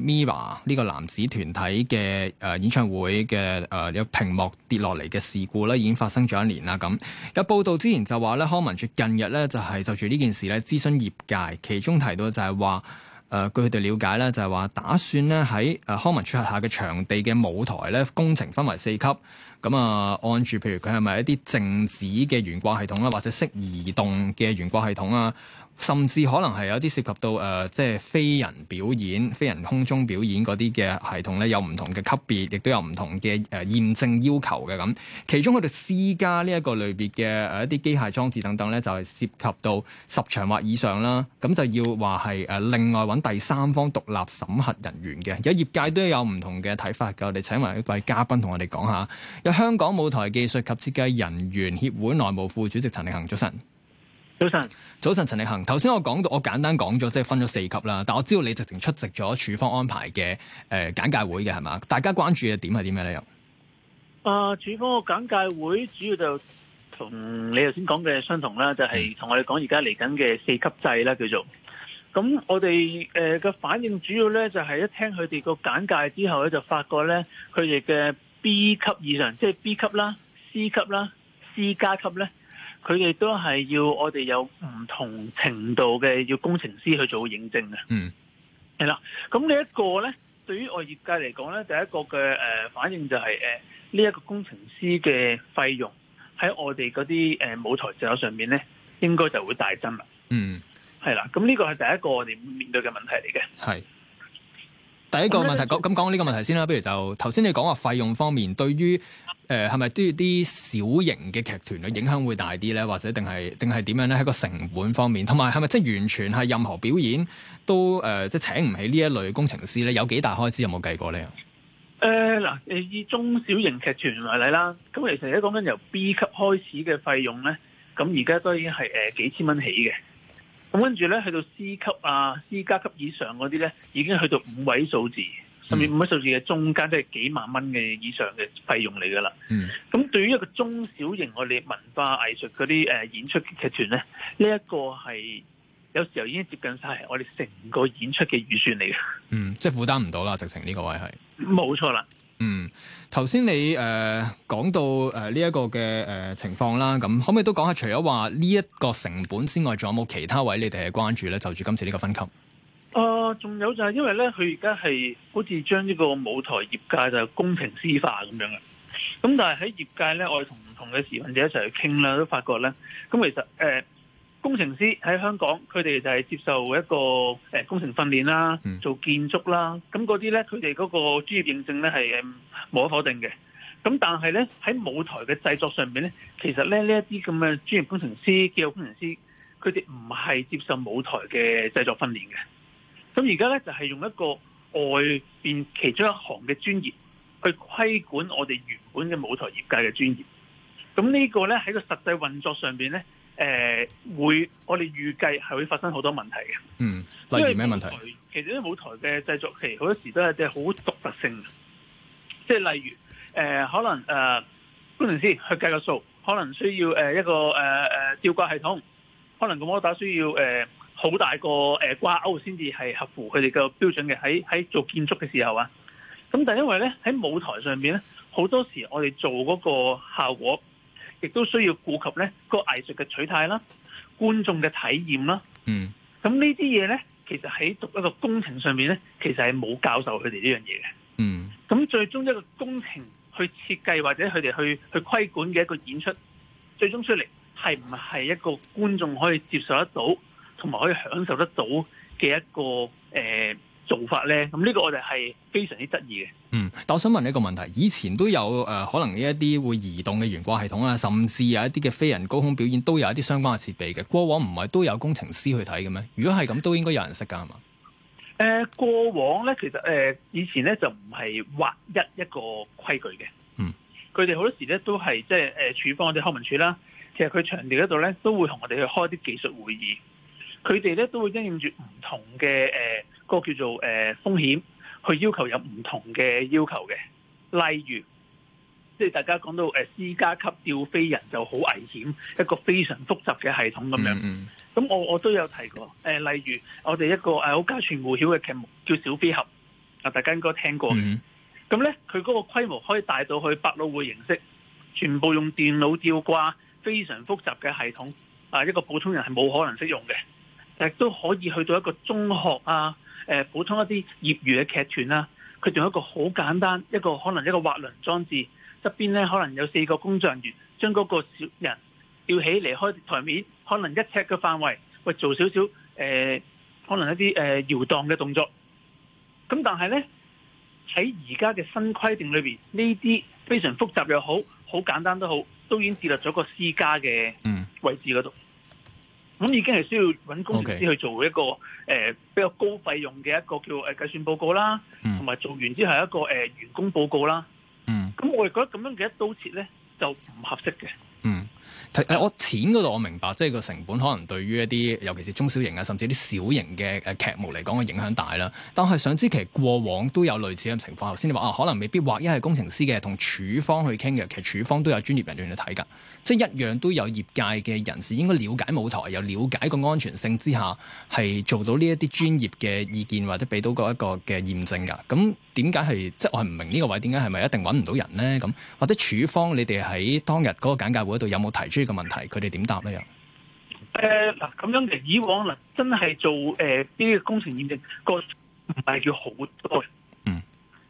Miva 呢個男子團體嘅誒演唱會嘅誒有屏幕跌落嚟嘅事故咧，已經發生咗一年啦。咁有報道之前就話咧，康文署近日咧就係就住呢件事咧諮詢業界，其中提到就係話誒據佢哋了解咧就係話打算咧喺誒康文署轄下嘅場地嘅舞台咧工程分為四級，咁啊按住譬如佢係咪一啲靜止嘅懸掛系統啦，或者適移動嘅懸掛系統啊？甚至可能係有啲涉及到誒、呃，即係飛人表演、飛人空中表演嗰啲嘅系統咧，有唔同嘅級別，亦都有唔同嘅誒、呃、驗證要求嘅咁。其中佢哋私家呢一個類別嘅誒一啲機械裝置等等咧，就係、是、涉及到十場或以上啦。咁就要話係誒另外揾第三方獨立審核人員嘅。而家業界都有唔同嘅睇法嘅，我哋請埋一位嘉賓同我哋講下。有香港舞台技術及設計人員協會內務副主席陳力恒，早晨。早晨，早晨，陳力恒。頭先我講到，我簡單講咗，即係分咗四級啦。但我知道你直情出席咗處方安排嘅誒、呃、簡介會嘅係嘛？大家關注嘅點係點樣咧？又、呃、啊，處方個簡介會主要就同你頭先講嘅相同啦，就係、是、同我哋講而家嚟緊嘅四級制啦，叫做咁。我哋誒嘅反應主要咧就係一聽佢哋個簡介之後咧，就發覺咧，佢哋嘅 B 級以上，即、就、係、是、B 級啦、C 級啦、C 加級咧。佢哋都係要我哋有唔同程度嘅，要工程師去做認證嘅。嗯，係啦。咁呢一個咧，對於我業界嚟講咧，第一個嘅誒、呃、反應就係誒呢一個工程師嘅費用喺我哋嗰啲誒舞台上上面咧，應該就會大增啦。嗯，係啦。咁呢個係第一個我哋面對嘅問題嚟嘅。係，第一個問題講咁講呢個問題先啦。不如就頭先你講話費用方面，對於。誒係咪都要啲小型嘅劇團嘅影響會大啲咧？或者定係定係點樣咧？喺個成本方面，同埋係咪即係完全係任何表演都誒即係請唔起呢一類工程師咧？有幾大開支有冇計過咧？誒、呃、嗱，誒以中小型劇團為例啦，咁其實而家講緊由 B 級開始嘅費用咧，咁而家都已經係誒幾千蚊起嘅。咁跟住咧，去到 C 級啊、C 加級以上嗰啲咧，已經去到五位數字。甚、嗯、至五位數字嘅中間，即係幾萬蚊嘅以上嘅費用嚟噶啦。咁、嗯、對於一個中小型我哋文化藝術嗰啲誒演出的劇團咧，呢、這、一個係有時候已經接近晒我哋成個演出嘅預算嚟嘅。嗯，即係負擔唔到啦，直情呢個位係冇錯啦。嗯，頭先你誒、呃、講到誒呢一個嘅誒、呃、情況啦，咁可唔可以都講下？除咗話呢一個成本之外，仲有冇其他位你哋係關注咧？就住今次呢個分級。啊、呃，仲有就係因為咧，佢而家係好似將呢個舞台業界就工程師化咁樣嘅。咁但係喺業界咧，我哋同唔同嘅持份者一齊去傾啦，都發覺咧，咁其實誒、呃、工程師喺香港，佢哋就係接受一個、呃、工程訓練啦，做建築啦，咁嗰啲咧，佢哋嗰個專業認證呢係冇、嗯、可否定嘅。咁但係咧喺舞台嘅製作上面咧，其實咧呢一啲咁嘅專業工程師、結構工程師，佢哋唔係接受舞台嘅製作訓練嘅。咁而家咧就係、是、用一個外面其中一行嘅專業去規管我哋原本嘅舞台業界嘅專業，咁呢個咧喺個實際運作上面咧，誒、呃、會我哋預計係會發生好多問題嘅。嗯，例如咩問題？其實啲舞台嘅製作期好多時都係啲好獨特性嘅，即係例如、呃、可能誒，工程師去計個數，可能需要誒一個誒誒、呃、吊掛系統，可能個摩打需要誒。呃好大個誒掛鈎先至係合乎佢哋嘅標準嘅，喺喺做建築嘅時候啊，咁但係因為咧喺舞台上面咧，好多時我哋做嗰個效果，亦都需要顧及咧個藝術嘅取態啦、觀眾嘅體驗啦。嗯，咁呢啲嘢咧，其實喺讀一個工程上面咧，其實係冇教授佢哋呢樣嘢嘅。嗯，咁、嗯、最終一個工程去設計或者佢哋去去規管嘅一個演出，最終出嚟係唔係一個觀眾可以接受得到？同埋可以享受得到嘅一個誒、呃、做法咧，咁、這、呢個我哋係非常之得意嘅。嗯，但我想問你一個問題：以前都有誒、呃、可能一啲會移動嘅懸掛系統啊，甚至有一啲嘅飛人高空表演都有一啲相關嘅設備嘅。過往唔係都有工程師去睇嘅咩？如果係咁，都應該有人識㗎，係嘛？誒、呃，過往咧，其實誒、呃、以前咧就唔係劃一一個規矩嘅。嗯，佢哋好多時咧都係即係誒處方我哋康文署啦。其實佢場地嗰度咧都會同我哋去開啲技術會議。佢哋咧都會因應住唔同嘅誒、呃，嗰個叫做誒、呃、風險，去要求有唔同嘅要求嘅。例如，即係大家講到誒私家級吊飛人就好危險，一個非常複雜嘅系統咁樣。咁、mm -hmm. 我我都有提過誒、呃，例如我哋一個誒好家傳戶曉嘅劇目叫小飛俠，啊大家應該聽過嘅。咁、mm、咧 -hmm.，佢嗰個規模可以大到去百老匯形式，全部用電腦吊掛，非常複雜嘅系統。啊，一個普通人係冇可能識用嘅。誒都可以去到一個中學啊，誒普通一啲業餘嘅劇團啊。佢仲有一個好簡單一個可能一個滑輪裝置，側邊咧可能有四個工作人員將嗰個小人吊起離開台面，可能一尺嘅範圍，喂做少少誒可能一啲誒、呃、搖盪嘅動作。咁但係咧喺而家嘅新規定裏邊，呢啲非常複雜又好，好簡單都好，都已經跌落咗個私家嘅位置嗰度。嗯。咁已經係需要搵公司去做一個誒、okay. 呃、比較高費用嘅一個叫誒計算報告啦，同、mm. 埋做完之後一個誒、呃、員工報告啦。嗯，咁我哋覺得咁樣嘅一刀切咧就唔合適嘅。嗯、mm.。提誒，我錢嗰度我明白，即係個成本可能對於一啲尤其是中小型啊，甚至啲小型嘅誒劇目嚟講嘅影響大啦。但係想知道其實過往都有類似咁情況，頭先你話啊，可能未必話，一係工程師嘅同處方去傾嘅，其實處方都有專業人員去睇㗎，即係一樣都有業界嘅人士應該了解舞台，有了解個安全性之下，係做到呢一啲專業嘅意見或者俾到個一個嘅驗證㗎。咁點解係即係我係唔明呢個位點解係咪一定揾唔到人咧？咁或者署方你哋喺當日嗰個簡介會度有冇提出呢個問題？佢哋點答咧？又誒嗱，咁樣嘅以往嗱，真係做誒呢個工程驗證個唔係叫好多人，嗯。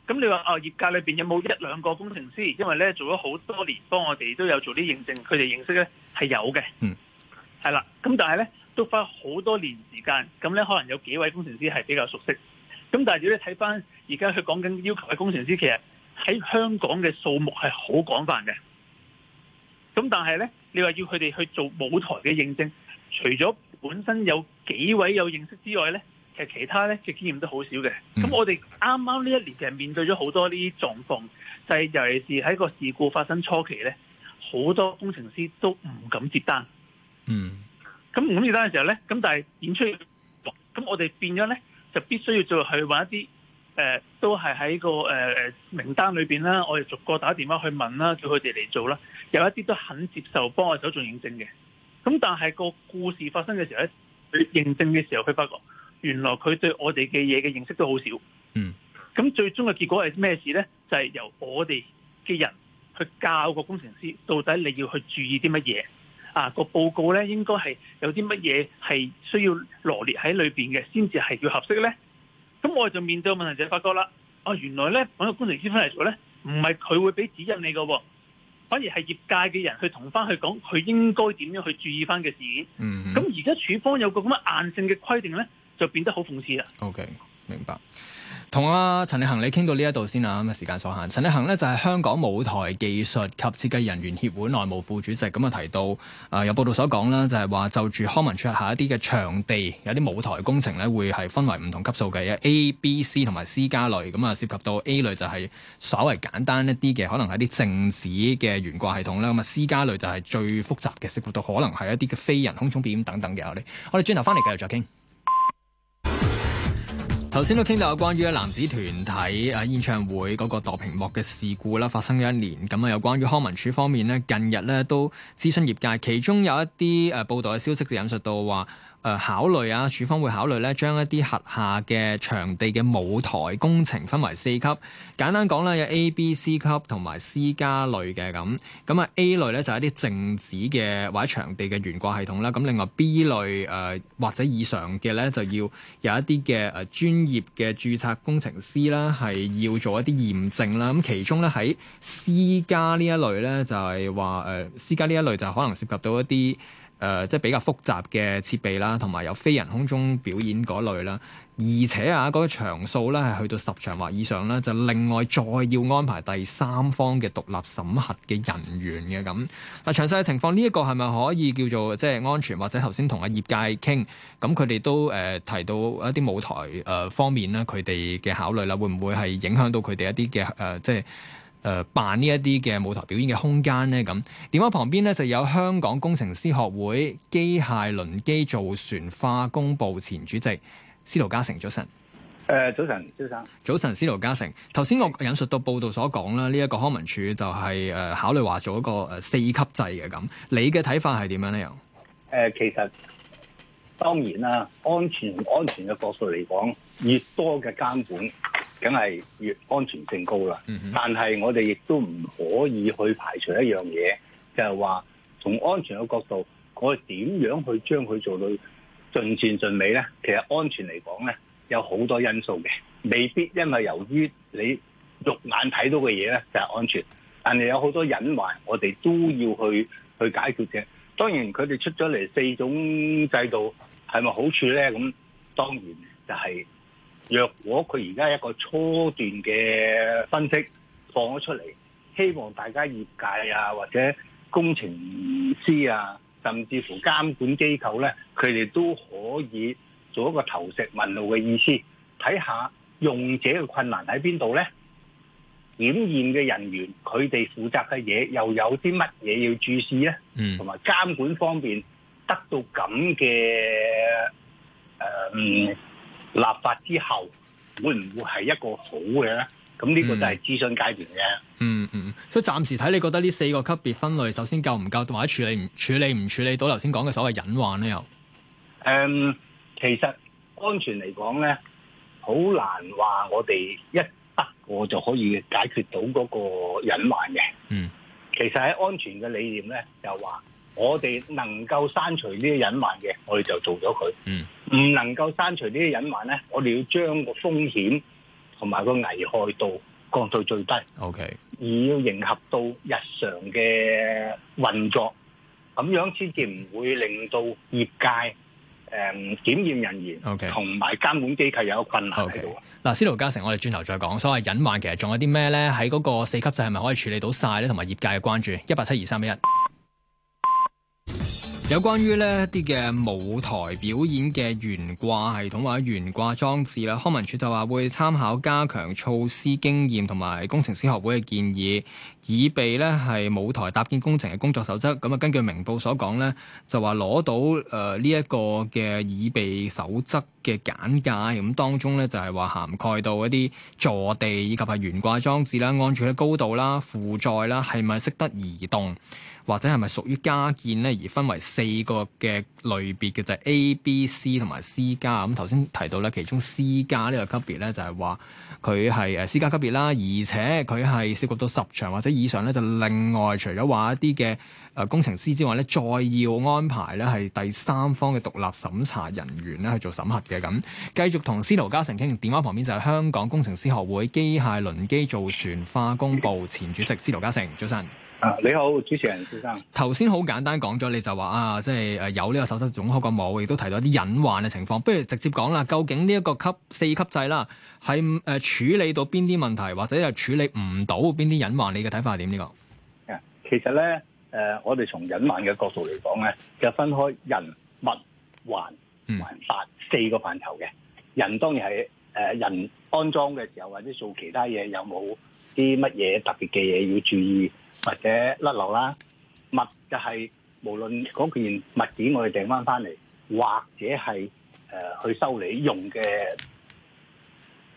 咁你話啊、哦、業界裏邊有冇一兩個工程師？因為咧做咗好多年，幫我哋都有做啲認證，佢哋認識咧係有嘅，嗯。係啦，咁但係咧都花好多年時間，咁咧可能有幾位工程師係比較熟悉。咁但係如果你睇翻而家佢講緊要求嘅工程師，其實喺香港嘅數目係好廣泛嘅。咁但係咧，你話要佢哋去做舞台嘅認證，除咗本身有幾位有認識之外咧，其實其他咧嘅經驗都好少嘅。咁、嗯、我哋啱啱呢一年其實面對咗好多呢啲狀況，就係、是、尤其是喺個事故發生初期咧，好多工程師都唔敢接單。嗯。咁唔敢接單嘅時候咧，咁但係演出，咁我哋變咗咧。就必須要做去揾一啲，誒、呃、都係喺個誒誒、呃、名單裏邊啦，我哋逐個打電話去問啦，叫佢哋嚟做啦。有一啲都肯接受幫我手做認證嘅。咁但係個故事發生嘅時候咧，佢認證嘅時候，佢發覺原來佢對我哋嘅嘢嘅認識都好少。嗯。咁最終嘅結果係咩事咧？就係、是、由我哋嘅人去教個工程師，到底你要去注意啲乜嘢。啊，個報告咧，應該係有啲乜嘢係需要羅列喺裏邊嘅，先至係叫合適咧。咁我哋就面對問題就發覺啦，哦、啊，原來咧揾個工程師翻嚟做咧，唔係佢會俾指引你嘅，反而係業界嘅人去同翻去講，佢應該點樣去注意翻嘅事件。嗯，咁而家署方有個咁嘅硬性嘅規定咧，就變得好諷刺啦。OK，明白。同阿陳力恒你，你傾到呢一度先啊，咁啊時間所限。陳力恒呢就係、是、香港舞台技術及設計人員協會內務副主席，咁啊提到啊、呃、有報道所講啦，就係、是、話就住康文署下一啲嘅場地，有啲舞台工程咧會係分為唔同級數嘅嘢，A B, C, C、B、C 同埋 C 加類。咁啊涉及到 A 類就係稍為簡單一啲嘅，可能係啲靜止嘅懸掛系統啦。咁啊 C 加類就係最複雜嘅，涉及到可能係一啲嘅飛人空中表演等等嘅。我哋我哋轉頭翻嚟繼續再傾。頭先都傾到有關於男子團體啊演唱會嗰個墮屏幕嘅事故啦，發生咗一年。咁啊，有關於康文署方面呢，近日呢都諮詢業界，其中有一啲誒報道嘅消息就引述到話。誒考慮啊，署方會考慮咧，將一啲轄下嘅場地嘅舞台工程分為四級。簡單講啦有 A、B、C 級同埋私家類嘅咁。咁啊 A 類咧就係一啲靜止嘅或者場地嘅懸掛系統啦。咁另外 B 類誒或者以上嘅咧就要有一啲嘅誒專業嘅註冊工程師啦，係要做一啲驗證啦。咁其中咧喺私家呢一類咧就係話誒私家呢一類就可能涉及到一啲。誒、呃，即係比較複雜嘅設備啦，同埋有、有非人空中表演嗰類啦，而且啊，嗰、那個、場數咧係去到十場或以上咧，就另外再要安排第三方嘅獨立審核嘅人員嘅咁。嗱，詳細嘅情況呢一、這個係咪可以叫做即係安全？或者頭先同阿業界傾，咁佢哋都誒、呃、提到一啲舞台誒、呃、方面啦，佢哋嘅考慮啦，會唔會係影響到佢哋一啲嘅誒即係？誒、呃、辦呢一啲嘅舞台表演嘅空間呢？咁，電話旁邊呢，就有香港工程師學會機械輪機造船化工部前主席司徒家成，早晨。誒，早晨，先生。早晨，司徒家成。頭先我引述到報道所講啦，呢、這、一個康文署就係誒考慮話做一個誒四級制嘅咁，你嘅睇法係點樣呢？又、呃、誒，其實當然啦，安全安全嘅角度嚟講，越多嘅監管，梗係越安全性高啦，嗯，但係我哋亦都唔可以去排除一樣嘢，就係話從安全嘅角度，我哋點樣去將佢做到盡善盡美呢？其實安全嚟講呢，有好多因素嘅，未必因為由於你肉眼睇到嘅嘢呢，就係安全，但係有好多隱患，我哋都要去去解決嘅。當然，佢哋出咗嚟四種制度，係咪好處呢？咁當然就係。若果佢而家一個初段嘅分析放咗出嚟，希望大家業界啊，或者工程師啊，甚至乎監管機構咧，佢哋都可以做一個投石問路嘅意思，睇下用者嘅困難喺邊度咧，檢驗嘅人員，佢哋負責嘅嘢又有啲乜嘢要注視咧，嗯，同埋監管方面得到咁嘅誒嗯。立法之後會唔會係一個好嘅咧？咁呢個就係諮詢階段嘅。嗯嗯嗯，所以暫時睇，你覺得呢四個級別分類，首先夠唔夠，同埋處理唔處理唔處理到？頭先講嘅所謂隱患咧，又、嗯、誒，其實安全嚟講咧，好難話我哋一得我就可以解決到嗰個隱患嘅。嗯。其實喺安全嘅理念咧，就話，我哋能夠刪除呢啲隱患嘅，我哋就做咗佢。嗯，唔能夠刪除呢啲隱患咧，我哋要將個風險同埋個危害度降到最低。O K。而要迎合到日常嘅運作，咁樣先至唔會令到業界誒檢驗人員 O K。同埋監管機構有個困難喺度。嗱，司徒家成，我哋轉頭再講。所謂隱患其實仲有啲咩咧？喺嗰個四級制係咪可以處理到曬咧？同埋業界嘅關注，一八七二三一。有關於呢一啲嘅舞台表演嘅懸掛系統或者懸掛裝置啦，康文署就話會參考加強措施經驗同埋工程師學會嘅建議，擬備呢係舞台搭建工程嘅工作守則。咁啊，根據明報所講呢就話攞到誒呢一個嘅擬備守則嘅簡介，咁當中呢，就係話涵蓋到一啲坐地以及係懸掛裝置啦，安全嘅高度啦、負載啦，係咪識得移動。或者係咪屬於加建呢？而分為四個嘅類別嘅就係 A、B、C 同埋 C 加。咁頭先提到咧，其中 C 加呢個級別咧就係話佢係誒 C 加級別啦，而且佢係涉及到十場或者以上咧，就另外除咗話一啲嘅誒工程師之外咧，再要安排咧係第三方嘅獨立審查人員咧去做審核嘅。咁繼續同司徒家成傾電話，旁邊就係香港工程師學會機械輪機造船化工部前主席司徒家成，早晨。啊，你好，主持人先生。頭先好簡單講咗，你就話啊，即係誒有呢個手足綜合徵嘅冇，亦都提到一啲隱患嘅情況。不如直接講啦，究竟呢一個級四級制啦，係、呃、誒處理到邊啲問題，或者又處理唔到邊啲隱患？你嘅睇法係點呢個？啊，其實咧，誒、呃，我哋從隱患嘅角度嚟講咧，就分開人物環環、物、嗯、環、環法四個範疇嘅。人當然係誒、呃、人安裝嘅時候，或者做其他嘢有冇？啲乜嘢特別嘅嘢要注意，或者甩漏啦，物就係無論嗰件物件我哋訂翻翻嚟，或者係誒去修理用嘅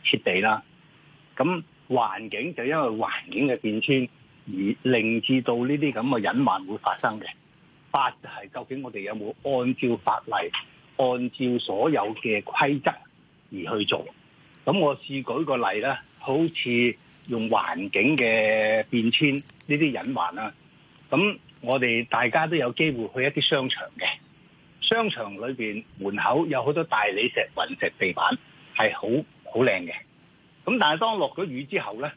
設備啦。咁環境就因為環境嘅變遷而令至到呢啲咁嘅隱患會發生嘅。法就係究竟我哋有冇按照法例，按照所有嘅規則而去做？咁我試舉個例咧，好似。用環境嘅變遷呢啲隱患啦，咁我哋大家都有機會去一啲商場嘅，商場裏面門口有好多大理石、雲石地板係好好靚嘅，咁但係當落咗雨之後呢，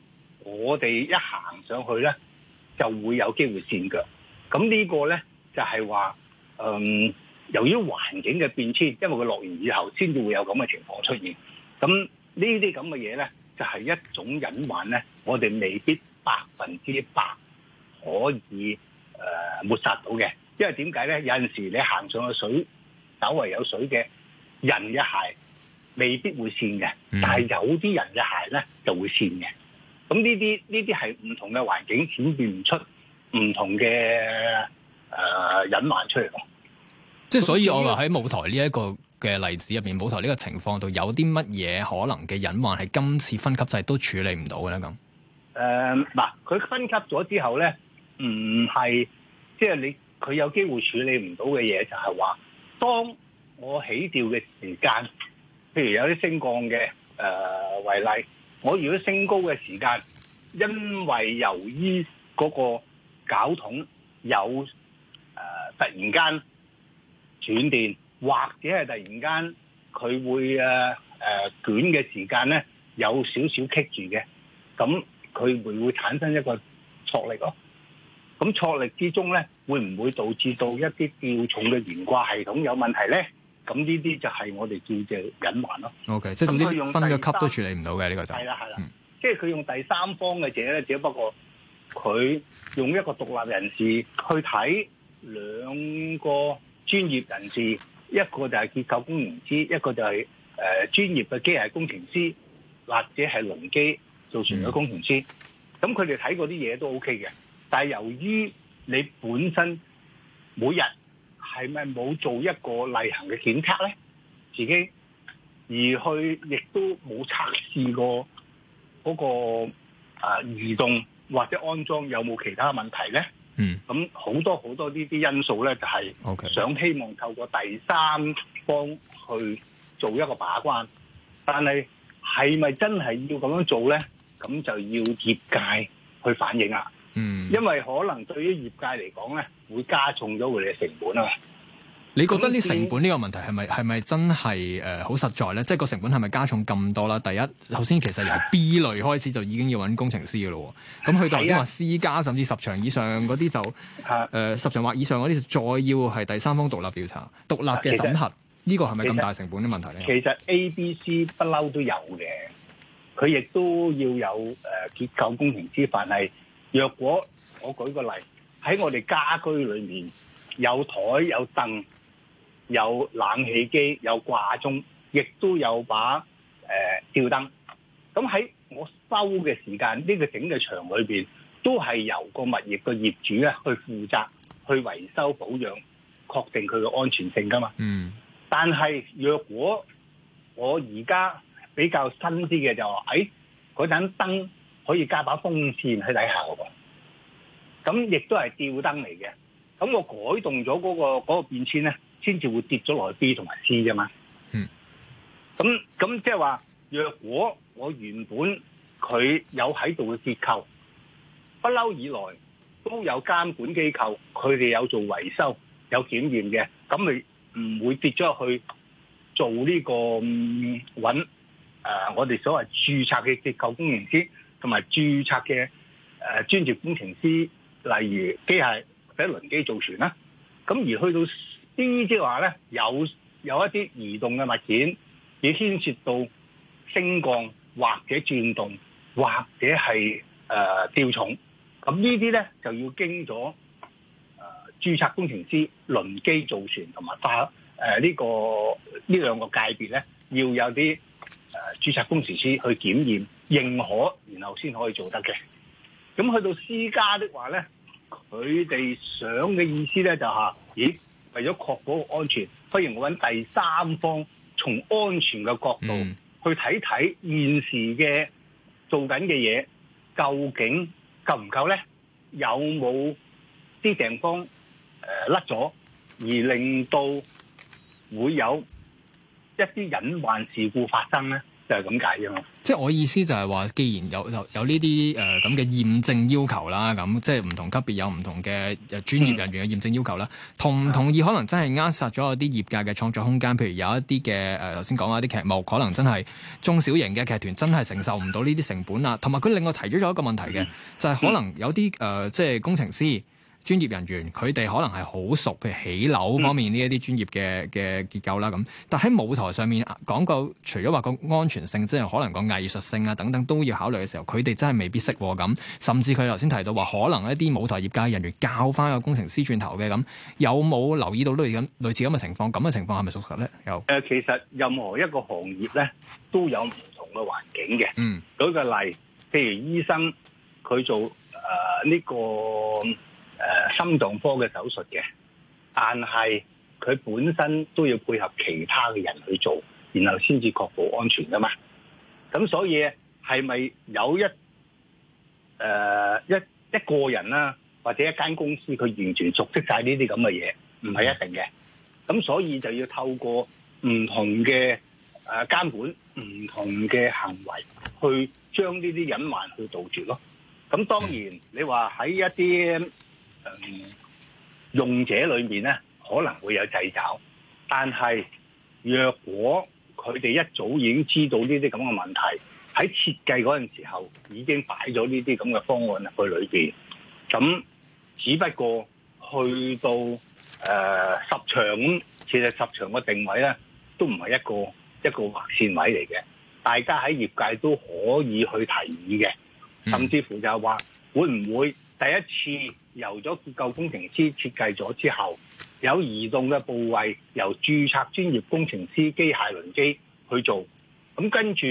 我哋一行上去呢，就會有機會跣腳，咁呢個呢，就係話，嗯，由於環境嘅變遷，因為佢落完雨後先至會有咁嘅情況出現，咁呢啲咁嘅嘢呢。就係、是、一種隱患咧，我哋未必百分之百可以誒、呃、抹殺到嘅，因為點解咧？有陣時你行上去水，稍為有水嘅人嘅鞋未必會跣嘅，但係有啲人嘅鞋咧就會跣嘅。咁呢啲呢啲係唔同嘅環境顯現唔出唔同嘅誒、呃、隱患出嚟咯。即係所以，我話喺舞台呢、這、一個嘅例子入面，舞台呢個情況度有啲乜嘢可能嘅隱患係今次分級制都處理唔到嘅咧咁？誒、呃、嗱，佢分級咗之後咧，唔係即係你佢有機會處理唔到嘅嘢，就係、是、話當我起調嘅時間，譬如有啲升降嘅誒、呃、為例，我如果升高嘅時間，因為由於嗰個絞筒有誒、呃、突然間斷電。或者係突然間佢會誒誒捲嘅時間咧有少少棘住嘅，咁佢會會產生一個挫力咯。咁挫力之中咧，會唔會導致到一啲吊重嘅懸掛系統有問題咧？咁呢啲就係我哋叫做隱患咯。O K，即係呢啲分咗級都處理唔到嘅呢個就係啦，係啦、嗯，即係佢用第三方嘅者咧，只不過佢用一個獨立人士去睇兩個專業人士。一個就係結構工程師，一個就係、是、誒、呃、專業嘅機械工程師，或者係輪機造船嘅工程師。咁佢哋睇過啲嘢都 OK 嘅，但係由於你本身每日係咪冇做一個例行嘅檢測咧，自己而去亦都冇測試過嗰、那個、呃、移動或者安裝有冇其他的問題咧？嗯，咁好多好多呢啲因素咧，就係想希望透過第三方去做一個把關，但係係咪真係要咁樣做咧？咁就要業界去反映啦。嗯，因為可能對於業界嚟講咧，會加重咗佢哋嘅成本啊。你覺得呢成本呢個問題係咪係咪真係誒好實在咧？即、就、係、是、個成本係咪加重咁多啦？第一，頭先其實由 B 類開始就已經要搵工程師嘅咯。咁去到頭先話 C 加甚至十場以上嗰啲就誒十、啊呃、場或以上嗰啲就再要係第三方獨立調查、獨立嘅審核，呢、啊這個係咪咁大成本嘅問題咧？其實 A、B、C 不嬲都有嘅，佢亦都要有誒、呃、結構工程師，但係若果我舉個例喺我哋家居裏面有台有凳。有冷氣機，有掛鐘，亦都有把、呃、吊燈。咁喺我收嘅時間，呢、呢個整嘅場裏面都係由個物業嘅業主啊去負責去維修保養，確定佢嘅安全性㗎嘛。嗯。但係若果我而家比較新啲嘅就話、是，誒嗰盞燈可以加把風扇喺底下喎。咁亦都係吊燈嚟嘅。咁我改動咗嗰、嗰個嗰、嗰個變遷咧。先至會跌咗落去 B 同埋 C 啫嘛。嗯。咁咁即係話，若果我原本佢有喺度嘅結構，不嬲以來都有監管機構，佢哋有做維修、有檢驗嘅，咁咪唔會跌咗去做呢、這個揾誒、呃、我哋所謂註冊嘅結構工程師同埋註冊嘅誒、呃、專業工程師，例如機械或者輪機造船啦。咁而去到呢啲即係話咧，有有一啲移動嘅物件，亦牽涉到升降或者轉動或者係誒、呃、吊重，咁呢啲咧就要經咗誒註冊工程師、輪機造船同埋化誒呢個呢兩、呃這個、個界別咧，要有啲誒註冊工程師去檢驗認可，然後先可以做得嘅。咁去到私家的話咧，佢哋想嘅意思咧就吓、是，咦？為咗確保安全，不如我揾第三方，從安全嘅角度去睇睇現時嘅做緊嘅嘢究竟夠唔夠咧？有冇啲地方呃甩咗，而令到會有一啲隱患事故發生咧？就係咁解啫嘛。即係我意思就係話，既然有有有呢啲誒咁嘅驗證要求啦，咁即係唔同級別有唔同嘅專業人員嘅驗證要求啦，同唔同意可能真係扼殺咗一啲業界嘅創作空間？譬如有一啲嘅誒，頭先講下啲劇目，可能真係中小型嘅劇團真係承受唔到呢啲成本啦，同埋佢另外提出咗一個問題嘅，就係、是、可能有啲誒、呃，即係工程師。專業人員佢哋可能係好熟，譬如起樓方面呢一啲專業嘅嘅結構啦咁、嗯。但喺舞台上面講究，除咗話個安全性，即係可能個藝術性啊等等都要考慮嘅時候，佢哋真係未必識咁。甚至佢頭先提到話，可能一啲舞台業界人員教翻個工程師轉頭嘅咁，有冇留意到類咁類似咁嘅情況？咁嘅情況係咪屬實咧？有誒，其實任何一個行業咧都有唔同嘅環境嘅。嗯，舉個例，譬如醫生佢做誒呢、呃呢個。誒、啊，心臟科嘅手術嘅，但係佢本身都要配合其他嘅人去做，然後先至確保安全噶嘛。咁所以係咪有一誒、啊、一一個人啦、啊，或者一間公司，佢完全熟悉晒呢啲咁嘅嘢，唔係一定嘅。咁所以就要透過唔同嘅誒監管，唔同嘅行為，去將呢啲隱患去杜絕咯。咁當然，你話喺一啲。嗯、用者裏面咧可能會有掣肘，但係若果佢哋一早已經知道呢啲咁嘅問題，喺設計嗰陣時候已經擺咗呢啲咁嘅方案入去裏邊，咁只不過去到誒、呃、十場，其實十場嘅定位咧都唔係一個一個劃綫位嚟嘅，大家喺業界都可以去提議嘅，甚至乎就係話會唔會？第一次由咗結構工程師設計咗之後，有移動嘅部位由註冊專業工程師機械輪機去做。咁跟住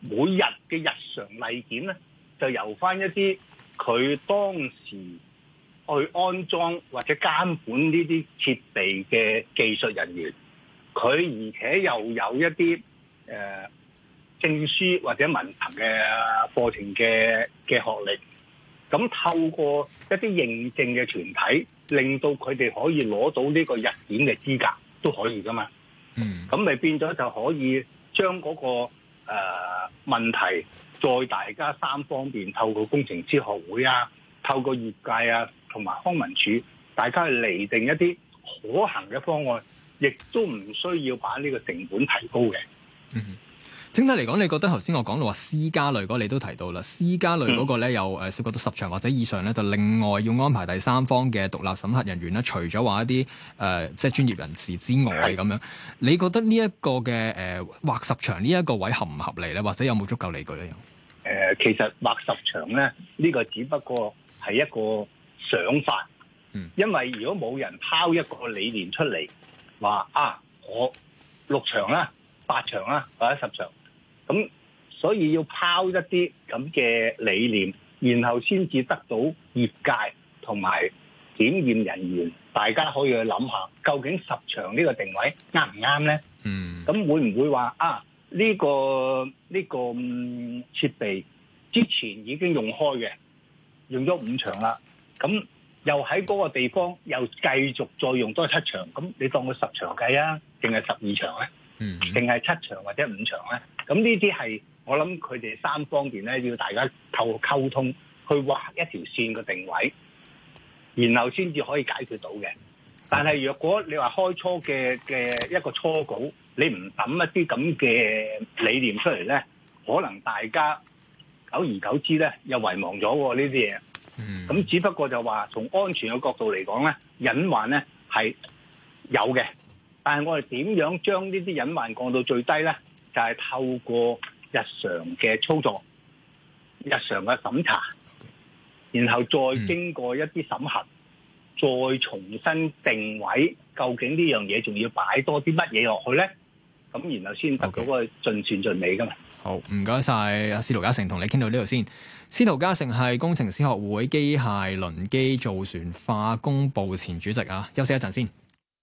每日嘅日常例檢咧，就由翻一啲佢當時去安裝或者監管呢啲設備嘅技術人員。佢而且又有一啲誒、呃、證書或者文憑嘅課程嘅嘅學歷。咁透過一啲認證嘅團體，令到佢哋可以攞到呢個入展嘅資格都可以㗎嘛。嗯，咁咪變咗就可以將嗰、那個誒、呃、問題再大家三方面透過工程師學會啊、透過業界啊同埋康文署，大家嚟定一啲可行嘅方案，亦都唔需要把呢個成本提高嘅。嗯、mm -hmm.。整體嚟講，你覺得頭先我講到話私家類嗰，你都提到啦。私家類嗰個咧，有誒涉及到十場或者以上咧，就另外要安排第三方嘅獨立審核人員啦。除咗話一啲誒、呃、即係專業人士之外咁樣，你覺得呢一個嘅誒劃十場呢一個位合唔合理咧？或者有冇足夠理據咧？誒、呃，其實劃十場咧，呢、這個只不過係一個想法。嗯，因為如果冇人拋一個理念出嚟，話啊我六場啦、八場啦或者十場。咁所以要拋一啲咁嘅理念，然後先至得到業界同埋檢驗人員，大家可以去諗下，究竟十場呢個定位啱唔啱咧？嗯，咁會唔會話啊，呢個呢個設備之前已經用開嘅，用咗五場啦，咁又喺嗰個地方又繼續再用多七場，咁你當佢十場計啊，定係十二場咧？嗯，定係七場或者五場咧？咁呢啲係我諗佢哋三方面咧，要大家透過溝通，去畫一條線嘅定位，然後先至可以解決到嘅。但係若果你話開初嘅嘅一個初稿，你唔抌一啲咁嘅理念出嚟咧，可能大家久而久之咧又遺忘咗呢啲嘢。嗯，咁只不過就話從安全嘅角度嚟講咧，隱患咧係有嘅，但係我哋點樣將呢啲隱患降到最低咧？就係、是、透過日常嘅操作、日常嘅審查，okay. 然後再經過一啲審核、嗯，再重新定位究竟這件事呢樣嘢仲要擺多啲乜嘢落去咧，咁然後先得到嗰個盡善盡美噶嘛。Okay. 好，唔該晒，阿司徒家成，同你傾到呢度先。司徒家成係工程師學會機械輪機造船化工部前主席啊，休息一陣先。